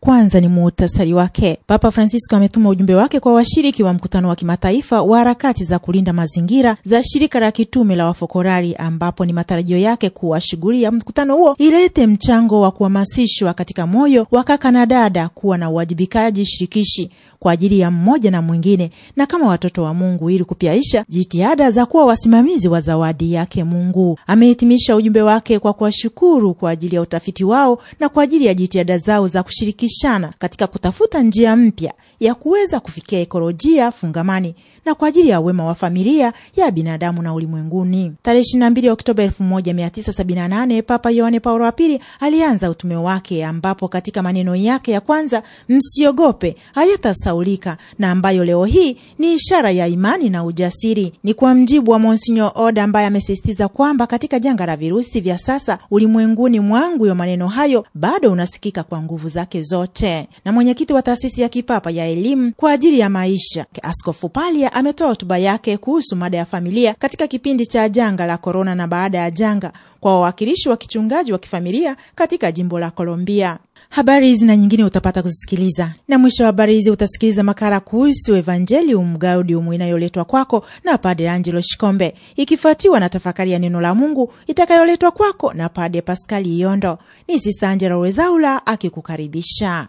kwanza ni muhtasari wake. Papa Francisco ametuma ujumbe wake kwa washiriki wa mkutano wa kimataifa wa harakati za kulinda mazingira za shirika la kitume la wafokorari, ambapo ni matarajio yake kuwa shughuli ya mkutano huo ilete mchango wa kuhamasishwa katika moyo wa kaka na dada kuwa na uwajibikaji shirikishi kwa ajili ya mmoja na mwingine na kama watoto wa Mungu ili kupyaisha jitihada za kuwa wasimamizi wa zawadi yake Mungu. Amehitimisha ujumbe wake kwa kuwashukuru kwa ajili ya utafiti wao na kwa ajili ya jitihada zao za kushirikishana katika kutafuta njia mpya ya kuweza kufikia ekolojia fungamani na kwa ajili ya wema wa familia ya binadamu na ulimwenguni. Tarehe 22 Oktoba 1978 Papa Yohane Paulo wa Pili alianza utume wake, ambapo katika maneno yake ya kwanza msiogope, hayatasaulika na ambayo leo hii ni ishara ya imani na ujasiri, ni kwa mjibu wa Monsignor Oda ambaye amesisitiza kwamba katika janga la virusi vya sasa ulimwenguni, mwangu ya maneno hayo bado unasikika kwa nguvu zake zote. Na mwenyekiti wa taasisi ya kipapa ya elimu kwa ajili ya maisha Askofu Palia ametoa hotuba yake kuhusu mada ya familia katika kipindi cha janga la korona na baada ya janga kwa wawakilishi wa kichungaji wa kifamilia katika jimbo la Colombia. Habari hizi na nyingine utapata kuzisikiliza, na mwisho wa habari hizi utasikiliza makala kuhusu Evangelium Gaudium inayoletwa kwako na Padre Angelo Shikombe, ikifuatiwa na tafakari ya neno la Mungu itakayoletwa kwako na Padre Paskali iondo Ni Sista Angela Wezaula akikukaribisha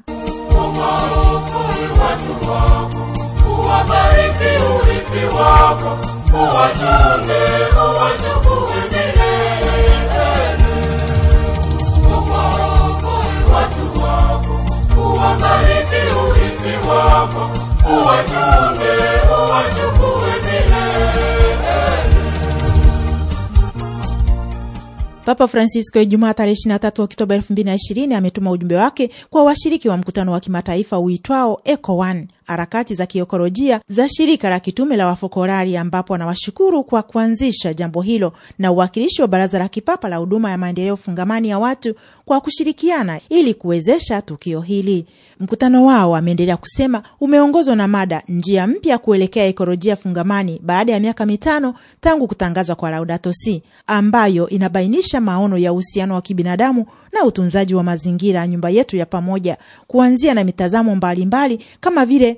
urithi wako uwachunge uwachukue watu wako uwabariki urithi wako uwachunge uwachukue Papa Francisco Ijumaa tarehe 23 Oktoba 2020 ametuma ujumbe wake kwa washiriki wa mkutano wa kimataifa uitwao ECOWAN harakati za kiekolojia za shirika la kitume la wafokolari ambapo anawashukuru kwa kuanzisha jambo hilo na uwakilishi wa Baraza la Kipapa la Huduma ya Maendeleo Fungamani ya Watu kwa kushirikiana ili kuwezesha tukio hili. Mkutano wao, ameendelea kusema, umeongozwa na mada njia mpya kuelekea ekolojia fungamani baada ya miaka mitano tangu kutangazwa kwa Laudato Si, ambayo inabainisha maono ya uhusiano wa kibinadamu na utunzaji wa mazingira, nyumba yetu ya pamoja, kuanzia na mitazamo mbalimbali mbali, kama vile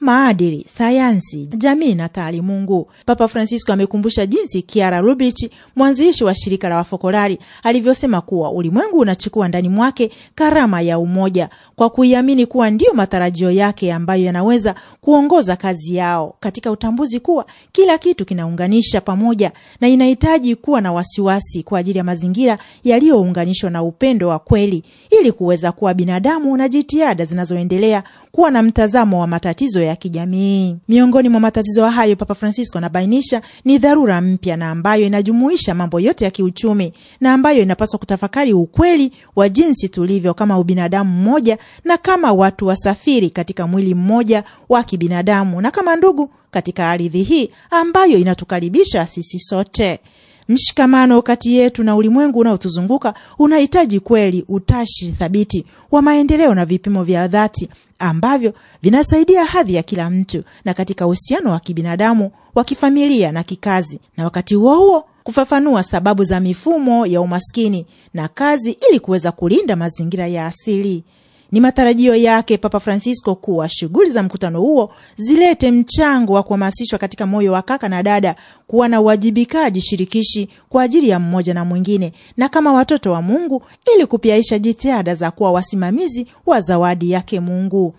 maadili, sayansi, jamii na taalimungu. Papa Francisco amekumbusha jinsi Kiara Lubich, mwanzilishi wa shirika la Wafokolari, alivyosema kuwa ulimwengu unachukua ndani mwake karama ya umoja kwa kuiamini kuwa ndiyo matarajio yake ambayo yanaweza kuongoza kazi yao katika utambuzi kuwa kila kitu kinaunganisha pamoja na inahitaji kuwa na wasiwasi kwa ajili ya mazingira yaliyounganishwa na upendo wa kweli ili kuweza kuwa binadamu na jitihada zinazoendelea kuwa na mtazamo wa matatizo ya ya kijamii. Miongoni mwa matatizo hayo, Papa Francisco anabainisha ni dharura mpya na ambayo inajumuisha mambo yote ya kiuchumi na ambayo inapaswa kutafakari ukweli wa jinsi tulivyo kama ubinadamu mmoja na kama watu wasafiri katika mwili mmoja wa kibinadamu na kama ndugu katika ardhi hii ambayo inatukaribisha sisi sote. Mshikamano kati yetu na ulimwengu unaotuzunguka unahitaji kweli utashi thabiti wa maendeleo na vipimo vya dhati ambavyo vinasaidia hadhi ya kila mtu na katika uhusiano wa kibinadamu wa kifamilia na kikazi, na wakati huo huo kufafanua sababu za mifumo ya umaskini na kazi ili kuweza kulinda mazingira ya asili. Ni matarajio yake Papa Francisco kuwa shughuli za mkutano huo zilete mchango wa kuhamasishwa katika moyo wa kaka na dada kuwa na uwajibikaji shirikishi kwa ajili ya mmoja na mwingine, na kama watoto wa Mungu ili kupiaisha jitihada za kuwa wasimamizi wa zawadi yake Mungu.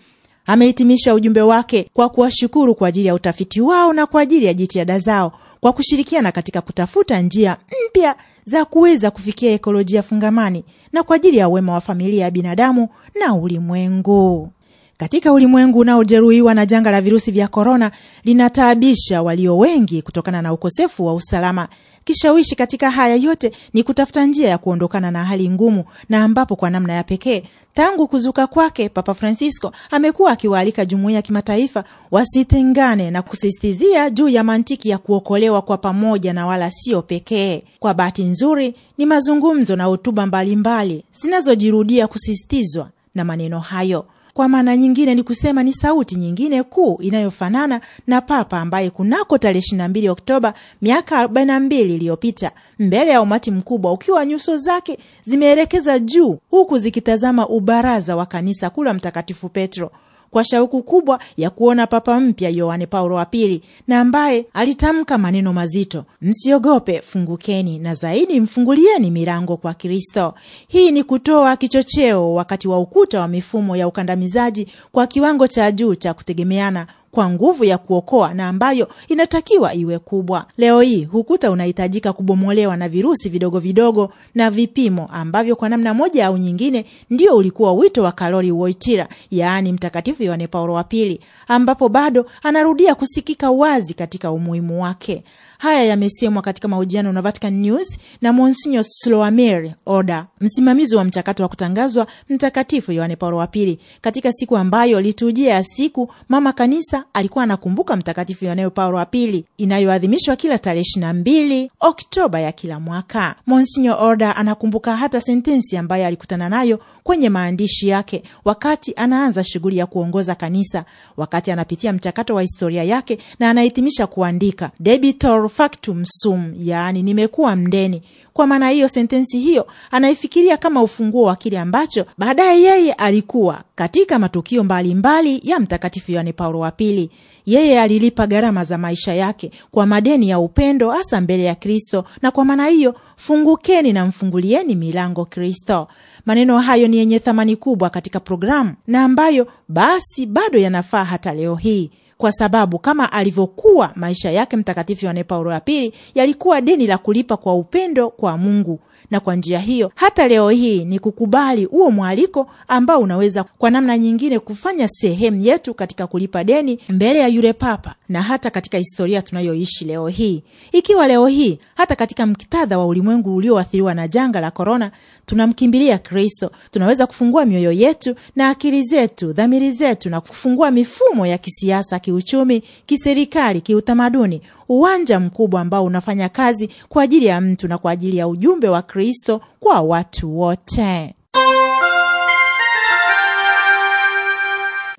Amehitimisha ujumbe wake kwa kuwashukuru kwa ajili ya utafiti wao na kwa ajili ya jitihada zao kwa kushirikiana katika kutafuta njia mpya za kuweza kufikia ekolojia fungamani na kwa ajili ya uwema wa familia ya binadamu na ulimwengu. Katika ulimwengu unaojeruhiwa na janga la virusi vya korona, linataabisha walio wengi kutokana na ukosefu wa usalama Kishawishi katika haya yote ni kutafuta njia ya kuondokana na hali ngumu, na ambapo kwa namna ya pekee tangu kuzuka kwake Papa Francisco amekuwa akiwaalika jumuiya ya kimataifa wasitengane na kusisitizia juu ya mantiki ya kuokolewa kwa pamoja na wala sio pekee. Kwa bahati nzuri, ni mazungumzo na hotuba mbalimbali zinazojirudia kusisitizwa na maneno hayo. Kwa maana nyingine ni kusema ni sauti nyingine kuu inayofanana na Papa ambaye kunako tarehe 22 Oktoba miaka 42 iliyopita mbele ya umati mkubwa ukiwa nyuso zake zimeelekeza juu huku zikitazama ubaraza wa kanisa kuu la Mtakatifu Petro kwa shauku kubwa ya kuona Papa mpya Yohane Paulo wa Pili, na ambaye alitamka maneno mazito, msiogope, fungukeni na zaidi mfungulieni milango kwa Kristo. Hii ni kutoa kichocheo wakati wa ukuta wa mifumo ya ukandamizaji kwa kiwango cha juu cha kutegemeana kwa nguvu ya kuokoa na ambayo inatakiwa iwe kubwa. Leo hii hukuta unahitajika kubomolewa na virusi vidogo vidogo na vipimo ambavyo kwa namna moja au nyingine ndio ulikuwa wito wa Karoli Wojtyla, yaani Mtakatifu Yohane Paulo wa Pili, ambapo bado anarudia kusikika wazi katika umuhimu wake. Haya yamesemwa katika mahojiano na Vatican News na Monsignor Sloamer Oda, msimamizi wa mchakato wa kutangazwa Mtakatifu Yohane Paulo wa Pili, katika siku ambayo liturujia ya siku Mama Kanisa alikuwa anakumbuka Mtakatifu Yohane Paulo wa Pili inayoadhimishwa kila tarehe mbili Oktoba ya kila mwaka. Monsignor Oda anakumbuka hata sentensi ambayo alikutana nayo kwenye maandishi yake wakati anaanza shughuli ya kuongoza kanisa, wakati anapitia mchakato wa historia yake na anahitimisha kuandika Debitor factum sum, yaani nimekuwa mdeni. Kwa maana hiyo, sentensi hiyo anaifikiria kama ufunguo wa kile ambacho baadaye yeye alikuwa katika matukio mbalimbali mbali ya Mtakatifu Yohane Paulo wa Pili. Yeye alilipa gharama za maisha yake kwa madeni ya upendo, hasa mbele ya Kristo, na kwa maana hiyo, fungukeni na mfungulieni milango Kristo. Maneno hayo ni yenye thamani kubwa katika programu na ambayo basi bado yanafaa hata leo hii kwa sababu kama alivyokuwa maisha yake Mtakatifu Yohane Paulo wa Pili yalikuwa deni la kulipa kwa upendo kwa Mungu na kwa njia hiyo hata leo hii ni kukubali huo mwaliko ambao unaweza kwa namna nyingine kufanya sehemu yetu katika kulipa deni mbele ya yule Papa na hata katika historia tunayoishi leo hii, ikiwa leo hii hata katika mktadha wa ulimwengu ulioathiriwa na janga la korona tunamkimbilia Kristo, tunaweza kufungua mioyo yetu na akili zetu, dhamiri zetu na kufungua mifumo ya kisiasa, kiuchumi, kiserikali, kiutamaduni uwanja mkubwa ambao unafanya kazi kwa ajili ya mtu na kwa ajili ya ujumbe wa Kristo kwa watu wote.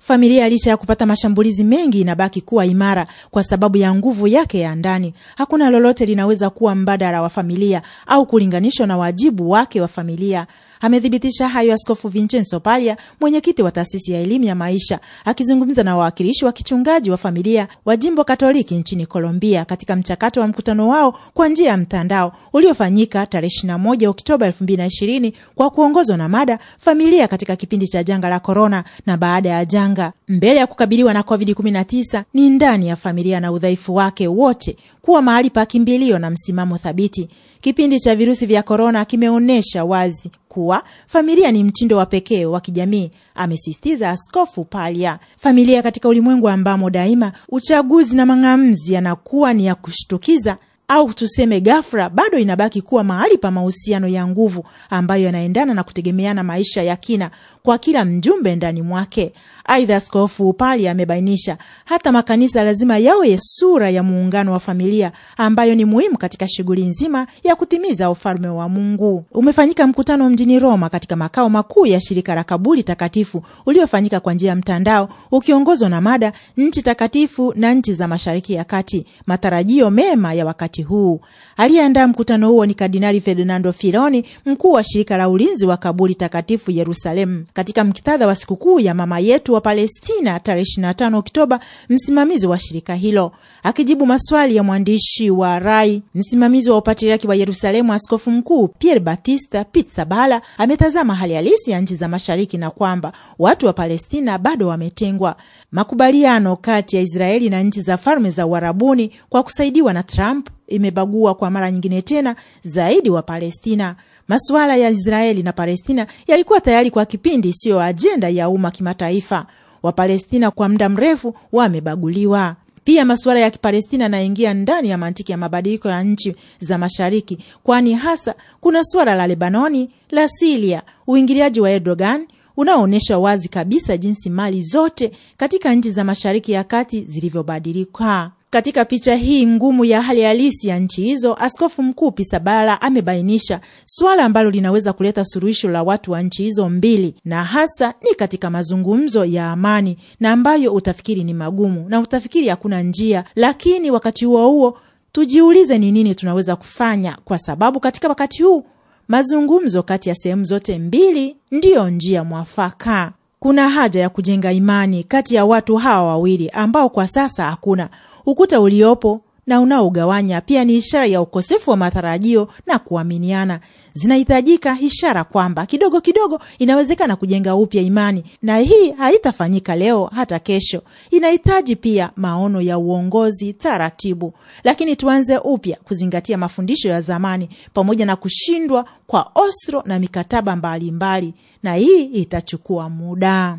Familia licha ya kupata mashambulizi mengi inabaki kuwa imara kwa sababu ya nguvu yake ya ndani. Hakuna lolote linaweza kuwa mbadala wa familia au kulinganishwa na wajibu wake wa familia Amethibitisha hayo Askofu Vincenzo Palia, mwenyekiti wa taasisi ya elimu ya maisha, akizungumza na wawakilishi wa kichungaji wa familia wa jimbo Katoliki nchini Colombia katika mchakato wa mkutano wao kwa njia ya mtandao uliofanyika tarehe 21 Oktoba 2020 kwa kuongozwa na mada familia katika kipindi cha janga la korona na baada ya janga, mbele ya kukabiliwa na COVID-19 ni ndani ya familia na udhaifu wake wote kuwa mahali pa kimbilio na msimamo thabiti. Kipindi cha virusi vya korona kimeonyesha wazi kuwa familia ni mtindo wa pekee wa kijamii, amesisitiza Askofu Palya. Familia katika ulimwengu ambamo daima uchaguzi na mang'amzi yanakuwa ni ya kushtukiza au tuseme ghafla, bado inabaki kuwa mahali pa mahusiano ya nguvu ambayo yanaendana na kutegemeana maisha ya kina, kwa kila mjumbe ndani mwake. Aidha, Askofu Upali amebainisha hata makanisa lazima yawe sura ya muungano wa familia ambayo ni muhimu katika shughuli nzima ya kutimiza ufalme wa Mungu. Umefanyika mkutano mjini Roma katika makao makuu ya shirika la kaburi takatifu uliofanyika kwa njia ya mtandao ukiongozwa na mada nchi takatifu na nchi za mashariki ya kati, matarajio mema ya wakati huu. Aliyeandaa mkutano huo ni Kardinali Ferdinando Filoni, mkuu wa shirika la ulinzi wa kaburi takatifu Yerusalemu. Katika mktadha wa sikukuu ya mama yetu wa Palestina tarehe 25 Oktoba, msimamizi wa shirika hilo akijibu maswali ya mwandishi wa Rai, msimamizi wa upatiriaki wa Yerusalemu, askofu mkuu Pierre Batista pitsabala ametazama hali halisi ya nchi za mashariki na kwamba watu wa Palestina bado wametengwa. Makubaliano kati ya Israeli na nchi za Falme za Uarabuni kwa kusaidiwa na Trump imebagua kwa mara nyingine tena zaidi wa Palestina. Masuala ya Israeli na Palestina yalikuwa tayari kwa kipindi siyo ajenda ya umma kimataifa. Wapalestina kwa muda mrefu wamebaguliwa. Pia masuala ya Kipalestina yanaingia ndani ya mantiki ya mabadiliko ya nchi za Mashariki, kwani hasa kuna suala la Lebanoni, la Siria, uingiliaji wa Erdogan unaoonyesha wazi kabisa jinsi mali zote katika nchi za Mashariki ya Kati zilivyobadilika. Katika picha hii ngumu ya hali halisi ya nchi hizo, Askofu Mkuu Pisabala amebainisha suala ambalo linaweza kuleta suluhisho la watu wa nchi hizo mbili, na hasa ni katika mazungumzo ya amani, na ambayo utafikiri ni magumu na utafikiri hakuna njia, lakini wakati huo huo tujiulize ni nini tunaweza kufanya, kwa sababu katika wakati huu mazungumzo kati ya sehemu zote mbili ndiyo njia mwafaka. Kuna haja ya kujenga imani kati ya watu hawa wawili ambao kwa sasa hakuna Ukuta uliopo na unaogawanya pia ni ishara ya ukosefu wa matarajio na kuaminiana. Zinahitajika ishara kwamba kidogo kidogo inawezekana kujenga upya imani, na hii haitafanyika leo hata kesho. Inahitaji pia maono ya uongozi taratibu, lakini tuanze upya kuzingatia mafundisho ya zamani, pamoja na kushindwa kwa Oslo na mikataba mbalimbali mbali. Na hii itachukua muda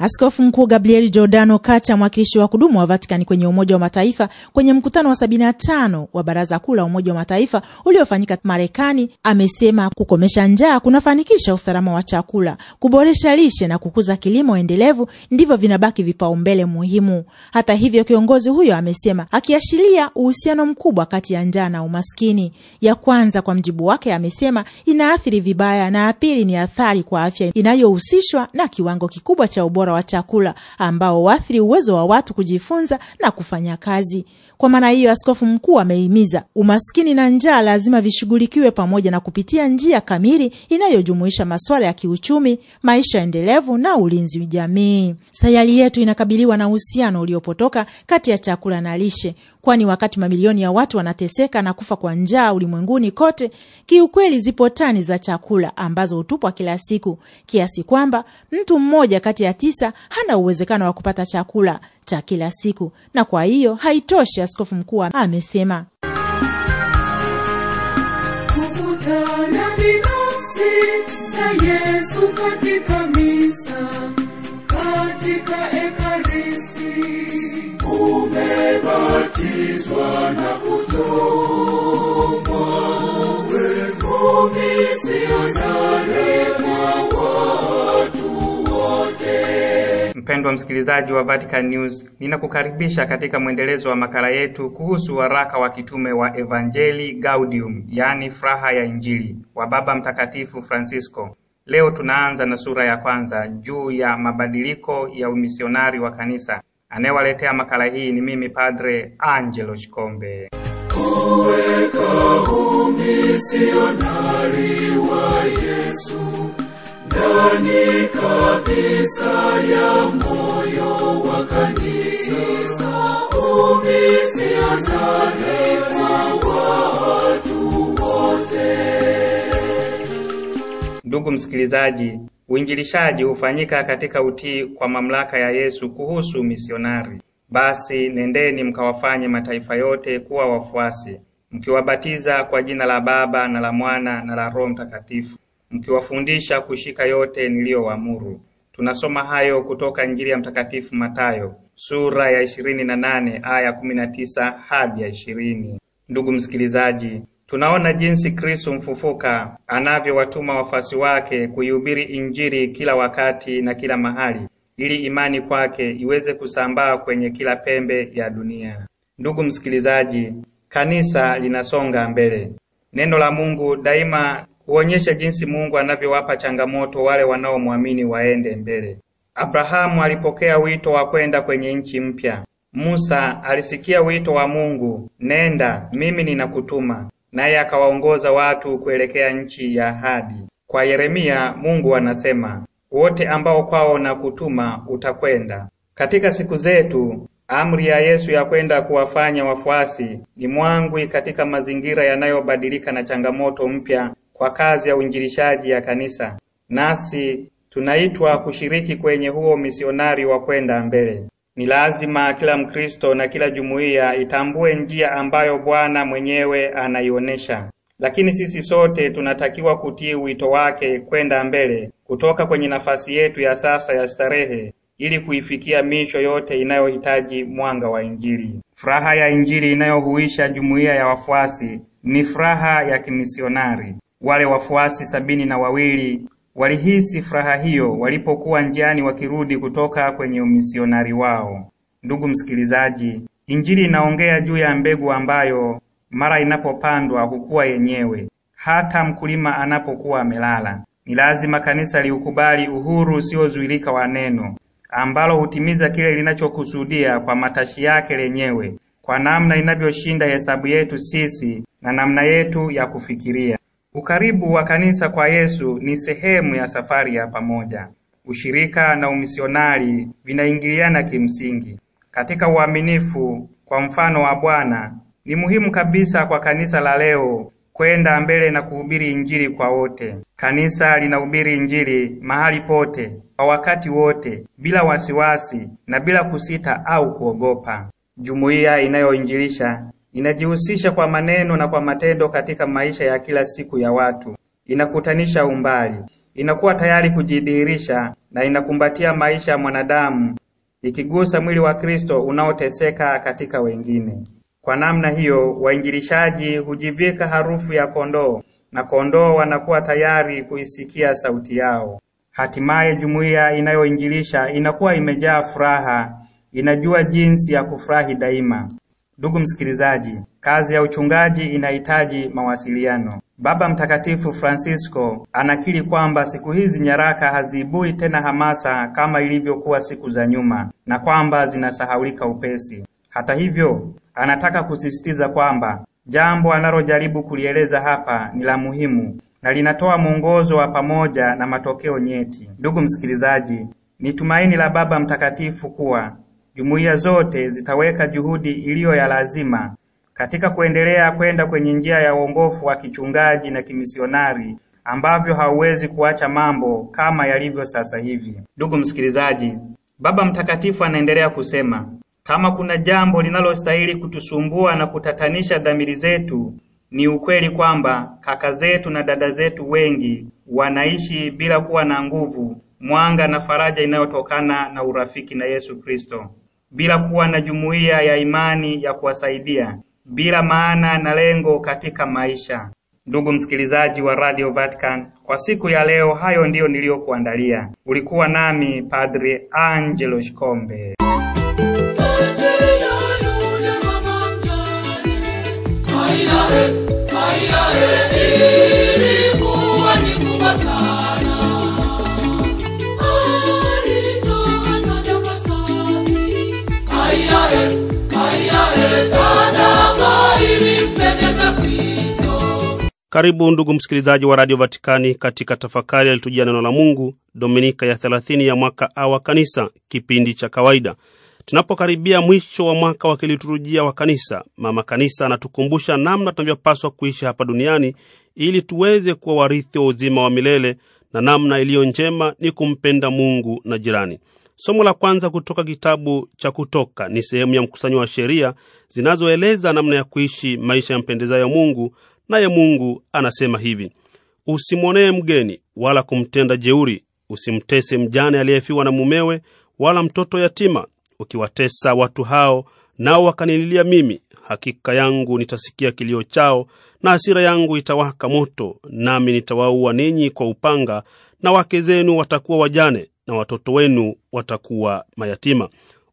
Askofu Mkuu Gabriel Giordano Kata, mwakilishi wa kudumu wa Vatikani kwenye Umoja wa Mataifa kwenye mkutano wa 75 wa Baraza Kuu la Umoja wa Mataifa uliofanyika Marekani, amesema kukomesha njaa kunafanikisha usalama wa chakula, kuboresha lishe na kukuza kilimo endelevu ndivyo vinabaki vipaumbele muhimu. Hata hivyo, kiongozi huyo amesema, akiashiria uhusiano mkubwa kati ya njaa na umaskini, ya kwanza kwa mjibu wake, amesema inaathiri vibaya, na ya pili ni athari kwa afya inayohusishwa na kiwango kikubwa cha ubora ubora wa chakula ambao waathiri uwezo wa watu kujifunza na kufanya kazi. Kwa maana hiyo, askofu mkuu amehimiza umaskini na njaa lazima vishughulikiwe pamoja na kupitia njia kamili inayojumuisha masuala ya kiuchumi, maisha endelevu na ulinzi wa jamii. Sayari yetu inakabiliwa na uhusiano uliopotoka kati ya chakula na lishe kwani wakati mamilioni ya watu wanateseka na kufa kwa njaa ulimwenguni kote, kiukweli zipo tani za chakula ambazo hutupwa kila siku, kiasi kwamba mtu mmoja kati ya tisa hana uwezekano wa kupata chakula cha kila siku, na kwa hiyo haitoshi, askofu mkuu amesema. Kukutana binafsi na katika misa, katika Ekaristi mpendwa msikilizaji wa Vatican News, ninakukaribisha katika mwendelezo wa makala yetu kuhusu waraka wa kitume wa Evangelii Gaudium, yaani furaha ya Injili, wa Baba Mtakatifu Francisco. Leo tunaanza na sura ya kwanza juu ya mabadiliko ya umisionari wa kanisa Anayewaletea makala hii ni mimi Padre Angelo Chikombe. Kuweka umisionari wa Yesu ndani kabisa ya moyo wa kanisa, umisionari kwa watu wote. Ndugu msikilizaji Uinjilishaji hufanyika katika utii kwa mamlaka ya Yesu kuhusu misionari. Basi nendeni mkawafanye mataifa yote kuwa wafuasi, mkiwabatiza kwa jina la Baba na la Mwana na la Roho Mtakatifu, mkiwafundisha kushika yote niliyowaamuru. Tunasoma hayo kutoka Injili ya Mtakatifu Matayo sura ya 28 aya 19 hadi ya 20. Ndugu msikilizaji, Tunaona jinsi Kristo mfufuka anavyowatuma wafuasi wake kuihubiri Injili kila wakati na kila mahali ili imani kwake iweze kusambaa kwenye kila pembe ya dunia. Ndugu msikilizaji, kanisa linasonga mbele. Neno la Mungu daima huonyesha jinsi Mungu anavyowapa changamoto wale wanaomwamini waende mbele. Abrahamu alipokea wito wa kwenda kwenye nchi mpya. Musa alisikia wito wa Mungu, nenda, mimi ninakutuma naye akawaongoza watu kuelekea nchi ya ahadi. Kwa Yeremia Mungu anasema, wote ambao kwao na kutuma utakwenda. Katika siku zetu amri ya Yesu ya kwenda kuwafanya wafuasi ni mwangwi katika mazingira yanayobadilika na changamoto mpya kwa kazi ya uinjilishaji ya kanisa. Nasi tunaitwa kushiriki kwenye huo misionari wa kwenda mbele. Ni lazima kila Mkristo na kila jumuiya itambue njia ambayo Bwana mwenyewe anaionesha lakini sisi sote tunatakiwa kutii wito wake kwenda mbele kutoka kwenye nafasi yetu ya sasa ya starehe ili kuifikia miisho yote inayohitaji mwanga wa Injili. Furaha ya Injili inayohuisha jumuiya ya wafuasi ni furaha ya kimisionari. Wale wafuasi sabini na wawili Walihisi furaha hiyo walipokuwa njiani wakirudi kutoka kwenye umisionari wao. Ndugu msikilizaji, Injili inaongea juu ya mbegu ambayo mara inapopandwa hukua yenyewe hata mkulima anapokuwa amelala. Ni lazima kanisa liukubali uhuru usiozuilika wa neno ambalo hutimiza kile linachokusudia kwa matashi yake lenyewe, kwa namna inavyoshinda hesabu yetu sisi na namna yetu ya kufikiria. Ukaribu wa Kanisa kwa Yesu ni sehemu ya safari ya pamoja. Ushirika na umisionari vinaingiliana kimsingi. Katika uaminifu kwa mfano wa Bwana, ni muhimu kabisa kwa kanisa la leo kwenda mbele na kuhubiri Injili kwa wote. Kanisa linahubiri Injili mahali pote, kwa wakati wote, bila wasiwasi na bila kusita au kuogopa. Jumuiya inayoinjilisha Inajihusisha kwa maneno na kwa matendo katika maisha ya kila siku ya watu, inakutanisha umbali, inakuwa tayari kujidhihirisha na inakumbatia maisha ya mwanadamu, ikigusa mwili wa Kristo unaoteseka katika wengine. Kwa namna hiyo, wainjilishaji hujivika harufu ya kondoo na kondoo wanakuwa tayari kuisikia sauti yao. Hatimaye jumuiya inayoinjilisha inakuwa imejaa furaha, inajua jinsi ya kufurahi daima. Ndugu msikilizaji, kazi ya uchungaji inahitaji mawasiliano. Baba Mtakatifu Francisco anakiri kwamba siku hizi nyaraka haziibui tena hamasa kama ilivyokuwa siku za nyuma na kwamba zinasahaulika upesi. Hata hivyo, anataka kusisitiza kwamba jambo analojaribu kulieleza hapa ni la muhimu na linatoa mwongozo wa pamoja na matokeo nyeti. Ndugu msikilizaji, ni tumaini la Baba Mtakatifu kuwa Jumuiya zote zitaweka juhudi iliyo ya lazima katika kuendelea kwenda kwenye njia ya uongofu wa kichungaji na kimisionari ambavyo hauwezi kuacha mambo kama yalivyo sasa hivi. Ndugu msikilizaji, Baba Mtakatifu anaendelea kusema, kama kuna jambo linalostahili kutusumbua na kutatanisha dhamiri zetu ni ukweli kwamba kaka zetu na dada zetu wengi wanaishi bila kuwa na nguvu, mwanga na faraja inayotokana na urafiki na Yesu Kristo bila kuwa na jumuiya ya imani ya kuwasaidia, bila maana na lengo katika maisha. Ndugu msikilizaji wa Radio Vatican, kwa siku ya leo hayo ndiyo niliyokuandalia. Ulikuwa nami Padre Angelo Shikombe. Karibu ndugu msikilizaji wa Radio Vatikani katika tafakari yalitujia neno la Mungu, Dominika ya 30 ya mwaka A wa Kanisa, kipindi cha kawaida. Tunapokaribia mwisho wa mwaka wa kiliturujia wa Kanisa, Mama Kanisa anatukumbusha namna tunavyopaswa kuishi hapa duniani ili tuweze kuwa warithi wa uzima wa milele, na namna iliyo njema ni kumpenda Mungu na jirani. Somo la kwanza kutoka kitabu cha Kutoka ni sehemu ya mkusanyo wa sheria zinazoeleza namna ya kuishi maisha ya mpendezayo Mungu Naye Mungu anasema hivi: usimwonee mgeni wala kumtenda jeuri, usimtese mjane aliyefiwa na mumewe wala mtoto yatima. Ukiwatesa watu hao nao wakanililia mimi, hakika yangu nitasikia kilio chao, na hasira yangu itawaka moto, nami nitawaua ninyi kwa upanga, na wake zenu watakuwa wajane na watoto wenu watakuwa mayatima.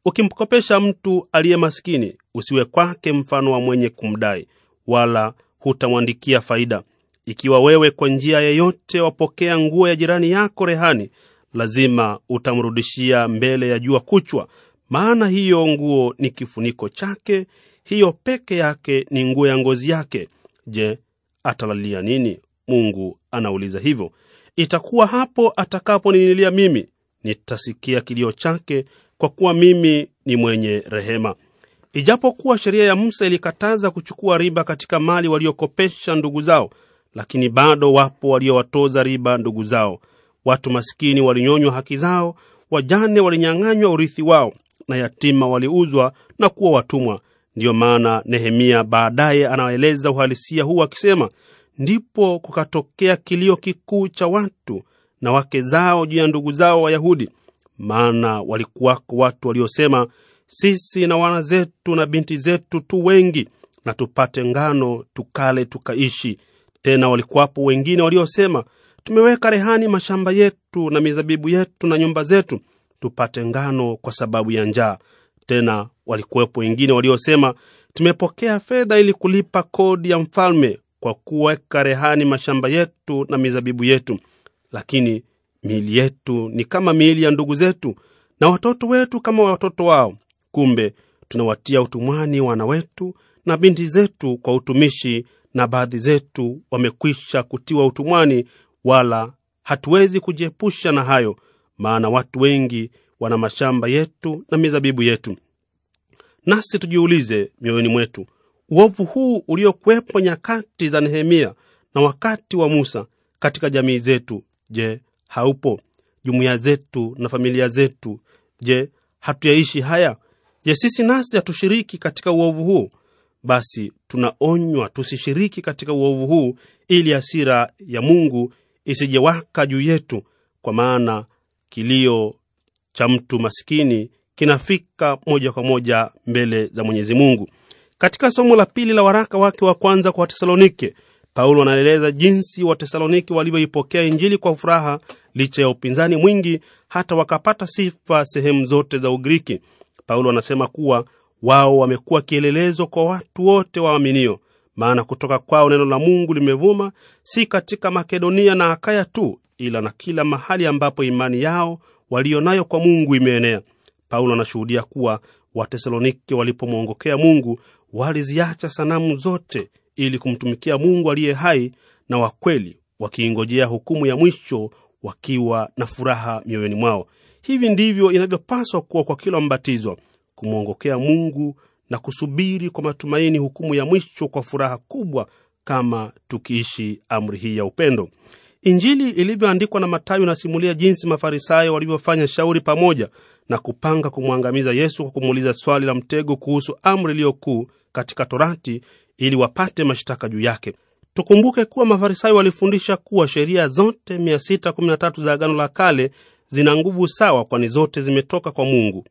Ukimkopesha mtu aliye maskini, usiwe kwake mfano wa mwenye kumdai, wala hutamwandikia faida. Ikiwa wewe kwa njia yeyote wapokea nguo ya jirani yako rehani, lazima utamrudishia mbele ya jua kuchwa, maana hiyo nguo ni kifuniko chake, hiyo peke yake ni nguo ya ngozi yake. Je, atalalia nini? Mungu anauliza hivyo. Itakuwa hapo atakaponinilia mimi, nitasikia kilio chake, kwa kuwa mimi ni mwenye rehema. Ijapokuwa sheria ya Musa ilikataza kuchukua riba katika mali waliokopesha ndugu zao, lakini bado wapo waliowatoza riba ndugu zao. Watu masikini walinyonywa haki zao, wajane walinyang'anywa urithi wao, na yatima waliuzwa na kuwa watumwa. Ndiyo maana Nehemia baadaye anaeleza uhalisia huu akisema, ndipo kukatokea kilio kikuu cha watu na wake zao juu ya ndugu zao Wayahudi, maana walikuwako watu waliosema sisi na wana zetu na binti zetu tu wengi, na tupate ngano tukale tukaishi. Tena walikuwapo wengine waliosema, tumeweka rehani mashamba yetu na mizabibu yetu na nyumba zetu, tupate ngano kwa sababu ya njaa. Tena walikuwepo wengine waliosema, tumepokea fedha ili kulipa kodi ya mfalme kwa kuweka rehani mashamba yetu na mizabibu yetu, lakini miili yetu ni kama miili ya ndugu zetu na watoto wetu kama watoto wao, Kumbe tunawatia utumwani wana wetu na binti zetu kwa utumishi, na baadhi zetu wamekwisha kutiwa utumwani, wala hatuwezi kujiepusha na hayo, maana watu wengi wana mashamba yetu na mizabibu yetu. Nasi tujiulize mioyoni mwetu, uovu huu uliokuwepo nyakati za Nehemia na wakati wa Musa katika jamii zetu, je, haupo? Jumuiya zetu na familia zetu, je, hatuyaishi haya? Je, sisi nasi hatushiriki katika uovu huu? Basi tunaonywa tusishiriki katika uovu huu, ili hasira ya Mungu isijewaka juu yetu, kwa maana kilio cha mtu masikini kinafika moja kwa moja mbele za Mwenyezi Mungu. Katika somo la pili la waraka wake wa kwanza kwa Watesalonike, Paulo anaeleza jinsi Watesalonike walivyoipokea Injili kwa furaha licha ya upinzani mwingi, hata wakapata sifa sehemu zote za Ugiriki. Paulo anasema kuwa wao wamekuwa kielelezo kwa watu wote waaminio, maana kutoka kwao neno la Mungu limevuma, si katika Makedonia na Akaya tu, ila na kila mahali ambapo imani yao waliyo nayo kwa Mungu imeenea. Paulo anashuhudia kuwa Watesalonike walipomwongokea Mungu waliziacha sanamu zote ili kumtumikia Mungu aliye hai na wakweli wakiingojea hukumu ya mwisho wakiwa na furaha mioyoni mwao. Hivi ndivyo inavyopaswa kuwa kwa kila mbatizwa, kumwongokea Mungu na kusubiri kwa matumaini hukumu ya mwisho kwa furaha kubwa, kama tukiishi amri hii ya upendo. Injili ilivyoandikwa na matayo inasimulia jinsi Mafarisayo walivyofanya shauri pamoja na kupanga kumwangamiza Yesu kwa kumuuliza swali la mtego kuhusu amri iliyokuu katika Torati ili wapate mashtaka juu yake. Tukumbuke kuwa Mafarisayo walifundisha kuwa sheria zote 613 za Agano la Kale zina nguvu sawa, kwani zote zimetoka kwa Mungu.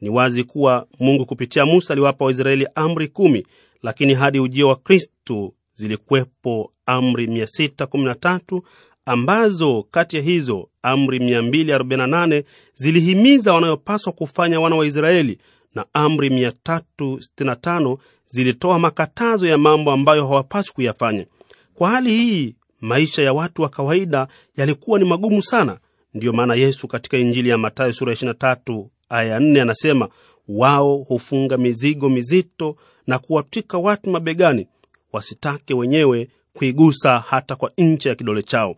Ni wazi kuwa Mungu kupitia Musa aliwapa Waisraeli amri kumi, lakini hadi ujio wa Kristu zilikuwepo amri 613 ambazo kati ya hizo amri 248 zilihimiza wanayopaswa kufanya wana wa Israeli na amri 365 zilitoa makatazo ya mambo ambayo hawapaswi kuyafanya. Kwa hali hii, maisha ya watu wa kawaida yalikuwa ni magumu sana, Ndiyo maana Yesu katika Injili ya Mathayo sura ya 23 aya ya 4 anasema, wao hufunga mizigo mizito na kuwatwika watu mabegani, wasitake wenyewe kuigusa hata kwa ncha ya kidole chao.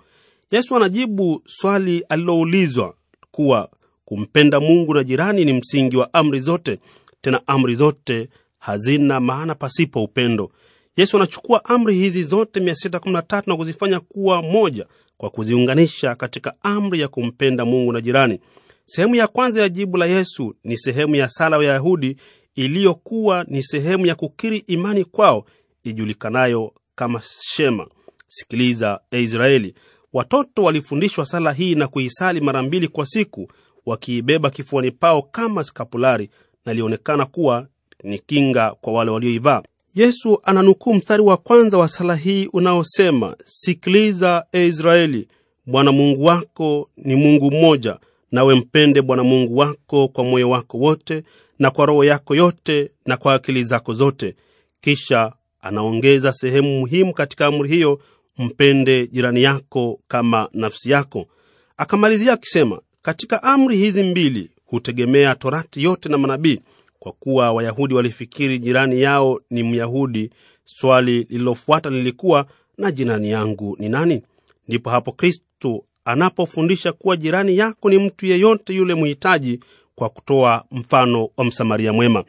Yesu anajibu swali aliloulizwa kuwa kumpenda Mungu na jirani ni msingi wa amri zote, tena amri zote hazina maana pasipo upendo. Yesu anachukua amri hizi zote 613 na kuzifanya kuwa moja kwa kuziunganisha katika amri ya kumpenda Mungu na jirani. Sehemu ya kwanza ya jibu la Yesu ni sehemu ya sala Wayahudi iliyokuwa ni sehemu ya kukiri imani kwao ijulikanayo kama Shema, sikiliza e Israeli. Watoto walifundishwa sala hii na kuisali mara mbili kwa siku, wakiibeba kifuani pao kama skapulari, na ilionekana kuwa ni kinga kwa wale walioivaa. Yesu ananukuu mstari wa kwanza wa sala hii unaosema, sikiliza e Israeli, Bwana Mungu wako ni Mungu mmoja, nawe mpende Bwana Mungu wako kwa moyo wako wote na kwa roho yako yote na kwa akili zako zote. Kisha anaongeza sehemu muhimu katika amri hiyo, mpende jirani yako kama nafsi yako. Akamalizia akisema, katika amri hizi mbili hutegemea torati yote na manabii kwa kuwa Wayahudi walifikiri jirani yao ni Myahudi. Swali lililofuata lilikuwa na jirani yangu ni nani? Ndipo hapo kristu anapofundisha kuwa jirani yako ni mtu yeyote yule mhitaji, kwa kutoa mfano wa Msamaria mwema.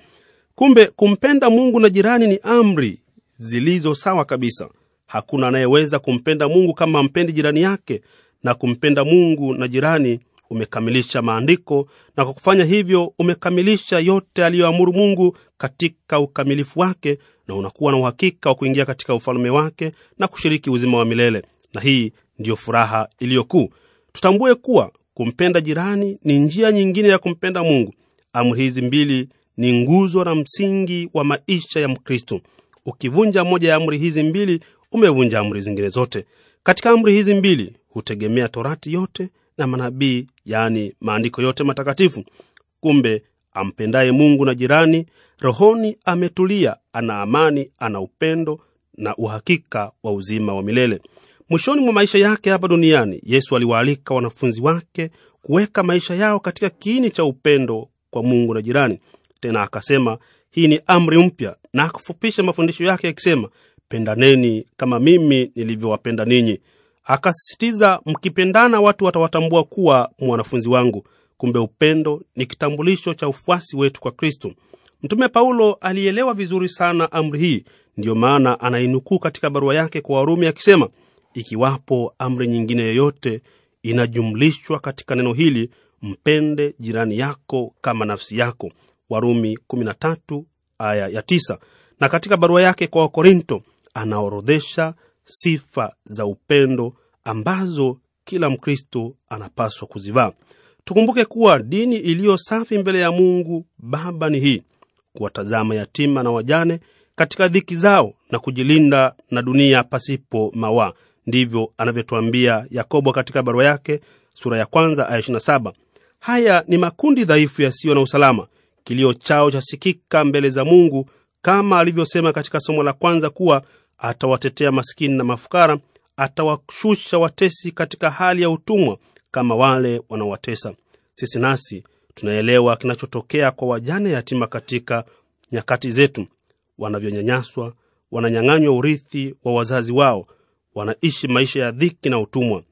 Kumbe kumpenda Mungu na jirani ni amri zilizo sawa kabisa. Hakuna anayeweza kumpenda Mungu kama ampendi jirani yake, na kumpenda Mungu na jirani umekamilisha maandiko na kwa kufanya hivyo umekamilisha yote aliyoamuru Mungu katika ukamilifu wake, na unakuwa na uhakika wa kuingia katika ufalume wake na kushiriki uzima wa milele, na hii ndiyo furaha iliyokuu. Tutambue kuwa kumpenda jirani ni njia nyingine ya kumpenda Mungu. Amri hizi mbili ni nguzo na msingi wa maisha ya mkristu Ukivunja moja ya amri hizi mbili, umevunja amri zingine zote. Katika amri hizi mbili hutegemea torati yote na manabii, yaani maandiko yote matakatifu. Kumbe ampendaye Mungu na jirani, rohoni ametulia, ana amani, ana upendo na uhakika wa uzima wa milele. Mwishoni mwa maisha yake hapa duniani, Yesu aliwaalika wanafunzi wake kuweka maisha yao katika kiini cha upendo kwa Mungu na jirani. Tena akasema hii ni amri mpya, na akafupisha mafundisho yake akisema, pendaneni kama mimi nilivyowapenda ninyi. Akasisitiza, mkipendana watu watawatambua kuwa mwanafunzi wangu. Kumbe upendo ni kitambulisho cha ufuasi wetu kwa Kristo. Mtume Paulo alielewa vizuri sana amri hii, ndiyo maana anainukuu katika barua yake kwa Warumi akisema, ikiwapo amri nyingine yoyote inajumlishwa katika neno hili, mpende jirani yako kama nafsi yako, Warumi 13 aya ya 9. Na katika barua yake kwa Wakorinto anaorodhesha sifa za upendo ambazo kila Mkristo anapaswa kuzivaa. Tukumbuke kuwa dini iliyo safi mbele ya Mungu Baba ni hii: kuwatazama yatima na wajane katika dhiki zao na kujilinda na dunia pasipo mawa Ndivyo anavyotwambia Yakobo katika barua yake sura ya kwanza aya 27. Haya ni makundi dhaifu yasiyo na usalama, kilio chao chasikika mbele za Mungu, kama alivyosema katika somo la kwanza kuwa atawatetea maskini na mafukara, atawashusha watesi katika hali ya utumwa kama wale wanaowatesa. Sisi nasi tunaelewa kinachotokea kwa wajane yatima katika nyakati zetu, wanavyonyanyaswa, wananyang'anywa urithi wa wazazi wao, wanaishi maisha ya dhiki na utumwa.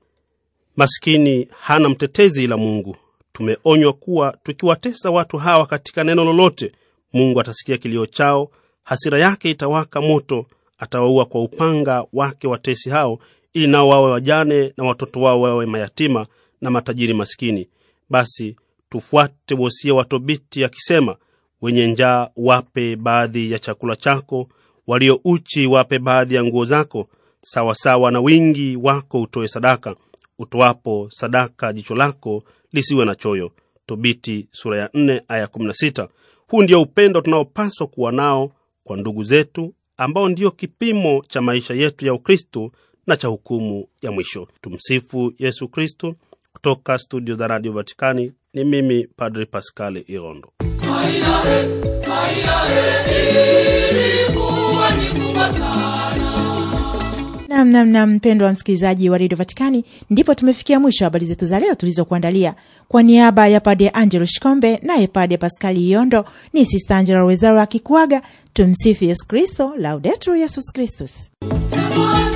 Maskini hana mtetezi ila Mungu. Tumeonywa kuwa tukiwatesa watu hawa katika neno lolote, Mungu atasikia kilio chao, hasira yake itawaka moto atawaua kwa upanga wake watesi hao, ili nao wawe wajane na watoto wao wawe mayatima na matajiri maskini. Basi tufuate wosia wa Tobiti akisema, wenye njaa wape baadhi ya chakula chako, walio uchi wape baadhi ya nguo zako, sawasawa na wingi wako utoe sadaka. Utoapo sadaka, jicho lako lisiwe na choyo. Tobiti sura ya 4 aya 16. Huu ndio upendo tunaopaswa kuwa nao kwa ndugu zetu ambao ndiyo kipimo cha maisha yetu ya Ukristo na cha hukumu ya mwisho. Tumsifu Yesu Kristo. Kutoka studio za Radio Vatikani ni mimi Padri pascali Irondo. Namnamna mpendwa wa msikilizaji wa redio Vatikani, ndipo tumefikia mwisho wa habari zetu za leo tulizokuandalia. Kwa, niaba ya pade Angelo Shikombe naye pade Paskali Iondo, ni Sista Angela Wezaro akikuaga. Tumsifu Yesu Kristo, Laudetur Yesus Kristus.